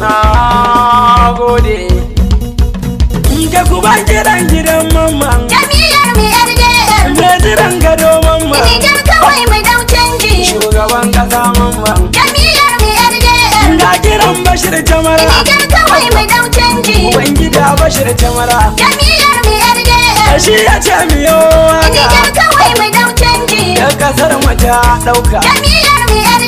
na gode ke ku ban kiran gidan mamman jam'iyyar mu yar jr me jiran gado mamman nijar kawai mai dau canji shugaban kasa mamman jam'iyyar mu yar jr ga kiran bashir jamara nijar kawai mai dau canji ubangida bashir jamara jam'iyyar mu yar jr shi ya ce mu yo waka nijar kawai mai dau canji da kasar mu ta dauka jam'iyyar mu yar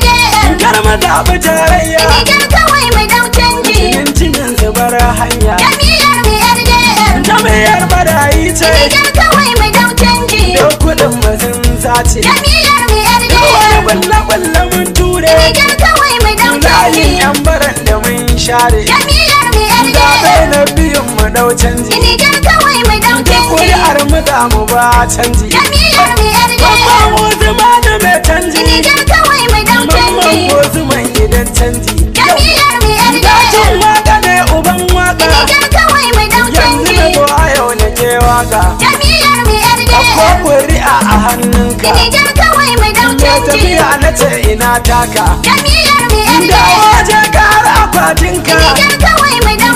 kar mu zaɓi tarayya idan kawai mu dau canji mintunan zubar hanya jam'iyyar mu rdr jam'iyyar barayi ce idan kawai mu dau canji dokunan mu sun zace jam'iyyar mu rdr wani balla-balla mun ture idan kawai mu dau canji yan baran da mun share jam'iyyar mu rdr zaɓe na biyun mu dau canji idan kawai mu dau canji duk kuri'ar mu da mu ba canji jam'iyyar mu rdr ki bani mai canji Nijar kawai mai dan canji Mamman ko zuman gidan canji Jam'iyyar mai yar waka ne uban waka Nijar kawai mai dan canji Yanzu na zo a yau na ke waka Jam'iyyar mai yar Akwai kuri'a a hannunka Nijar kawai mai dan canji tafiya na ce ina taka Jam'iyyar mai yar da je ka har akwatinka Nijar kawai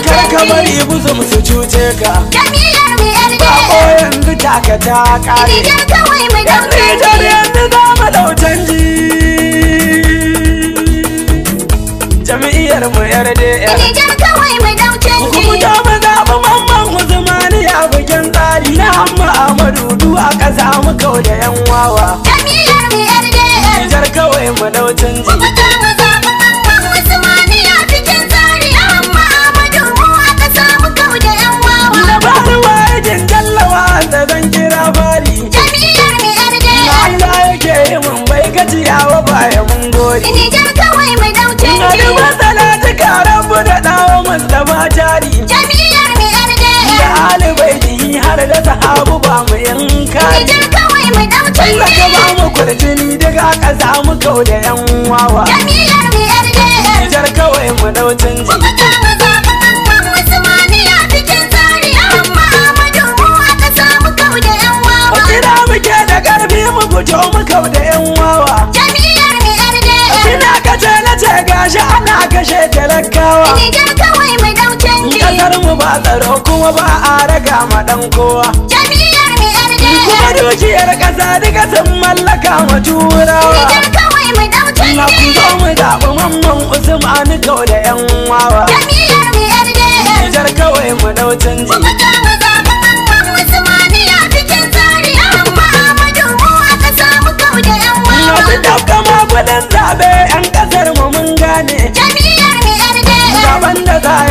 kar ka bari buzum su cuce ka jam'iyyar mu yar ne bako yanzu taka ta kare idan kawai mai dauke idan yanzu za mu dau canji jam'iyyar mu yar ne idan kawai mai dauke canji gori Nijar kawai mu dauke ji Ni masana ta karan mu da dawo Mustafa Jari Jami'ar mu yarda Da alibai jini har da sahabu ba mu yankari Nijar kawai mai dauke ji Allah ka ba mu kwarjini daga ƙasa mu kau da yan ba tsaro kuma ba a raga ma dan kowa jam'iyyar mu yar kuma dukiyar ƙasa duka sun mallaka ma turawa kawai mu na ku zo mu zaɓi mamman usman kau da yan wawa jam'iyyar mu jar kawai mu dautar ji Masu magudan zaɓe 'yan ƙasar mu mun gane.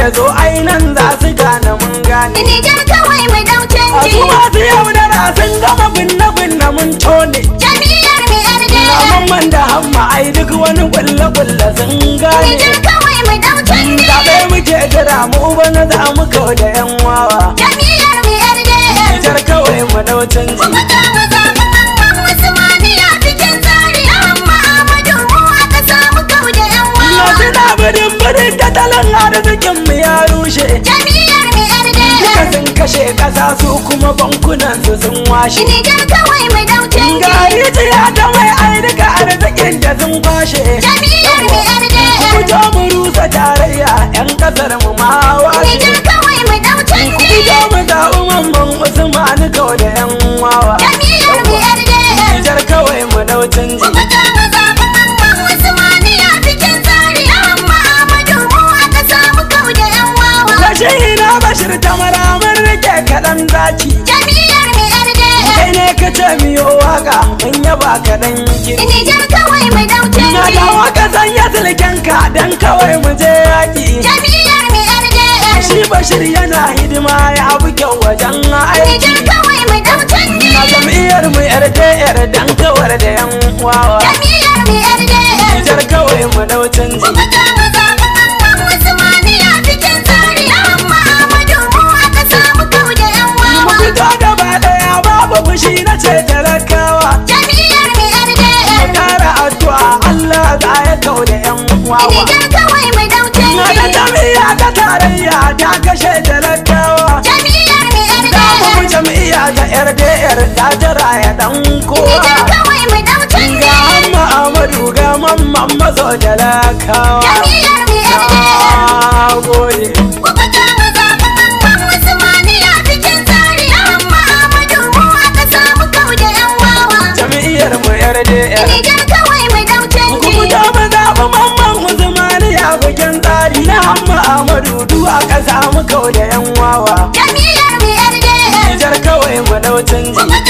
ta zo ai nan za su gane mun gane Ni Nijar kawai mu dau canji Su masu da sun gama binne binne mun tone Jami'ar mu yarda man da hamma ai duk wani bulle bulle sun gane Ni Nijar kawai mu dau canji Zabe mu je jira mu bana za mu kau da yan wawa tattalin arzikin mu ya rushe jami'ar mu sun kashe kasa su kuma bankunan su sun washe nijar kawai mu dauke gari ta ta mai ai arzikin da sun kwashe jami'ar ta ba kaɗan gini Nijar kawai mu dauke Na dawo ka sanya silken ka dan kawai mu je yaƙi Jami'ar mu RJR Shi Bashir yana hidima ya abu kyau wajen aiki Nijar kawai mu dauke Na mu RJR dan dattawa Nijar kawai mu dauce ce Na jam'iyya ta tarayya ta kashe talakawa Jam'iyyar mu yarda Da mu jam'iyya ta RDR ta kowa Ga Muhammadu ga mamman mazo talakawa samu kau da yan wawa Jami'ar mu yar da yar kawai mu dau canji